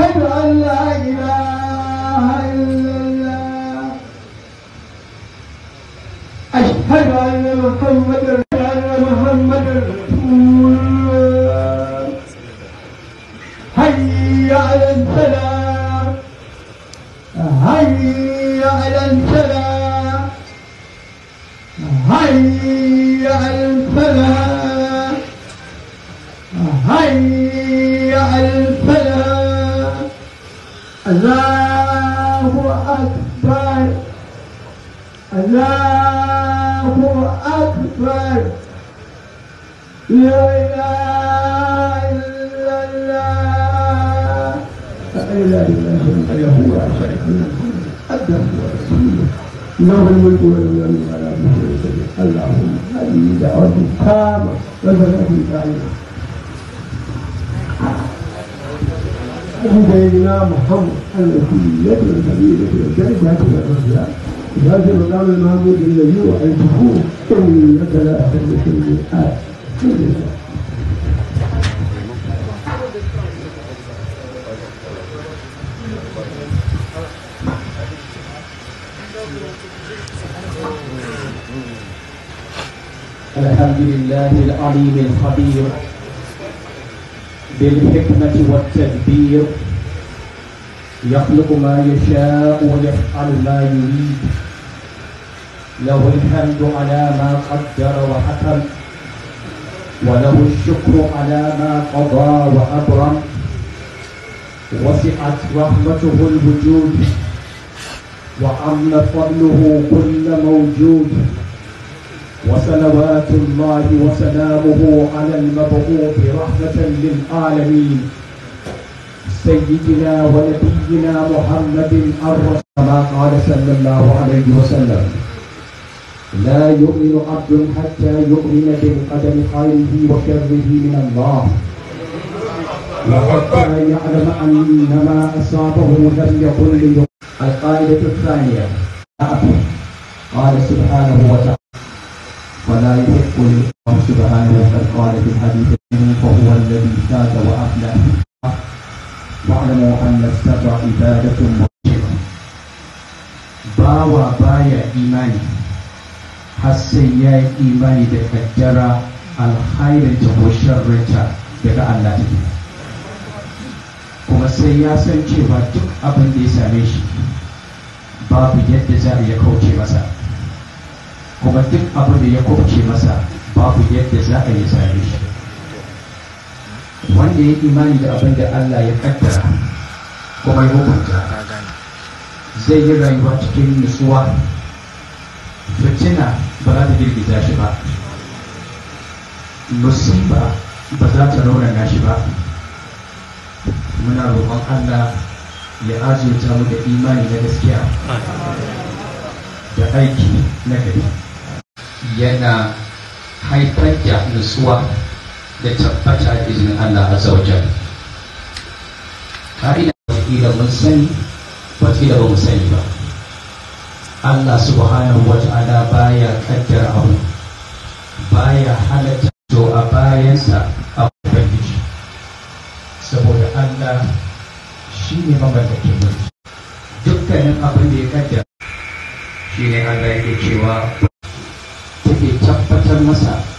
أشهد أن لا إله إلا الله أشهد أن محمد أن رسول الله حي على السلام حي على السلام حي على السلام الله أكبر الله أكبر لا إله إلا الله لا إله إلا هو خير أدى هو رسوله له الملك والملك على كل شيء اللهم هذه دعوة تامة وبلغ بهدينا محمد التي يد النبي التي يشارك هكذا الرجال ذات المقام المحمود الذي وعيته انك لا اخذ سيئات الحمد لله العليم الخبير بالحكمة والتدبير يخلق ما يشاء ويفعل ما يريد له الحمد على ما قدر وحكم وله الشكر على ما قضى وأبرم وسعت رحمته الوجود وعم فضله كل موجود وصلوات الله وسلامه على المبعوث رحمة للعالمين سيدنا ونبينا محمد الرسول كما قال صلى الله عليه وسلم لا يؤمن عبد حتى يؤمن بالقدم خيره وشره من الله وحتى يعلم ان ما اصابه لم يكن القاعده الثانيه قال سبحانه وتعالى ولا يحق لله سبحانه وقد قال في الحديث فهو الذي فاز وافلح واعلموا ان السبع عباده مؤثره باوى بايا ايماني حسن يا ايماني تقدر الخير وشر daga Allah take kuma sai ya san cewa duk abin da ya same shi babu yadda za a iya kauce masa kuma duk abin da ya kubce masa babu yadda za a yi same shi wanda ya imani da abin da Allah ya kaddara kuma ya hukunta zai yi rayuwa cikin nutsuwa fitina ba za ta girgiza shi ba musiba ba za ta raunana shi ba muna roƙon Allah ya azurta mu da imani na gaskiya da aiki na gari yana haifar da nutsuwa da tabbata izinin Allah azza wa jalla ka'ida wakila mun sani wakila ba mu sani ba Allah subhanahu wa ta'ala baya kaddara abu baya halatta to a bayansa a ubangiji saboda Allah shi ne mamallakin mulki dukkanin abin da ya kaddara shine Allah yake cewa take tabbatar masa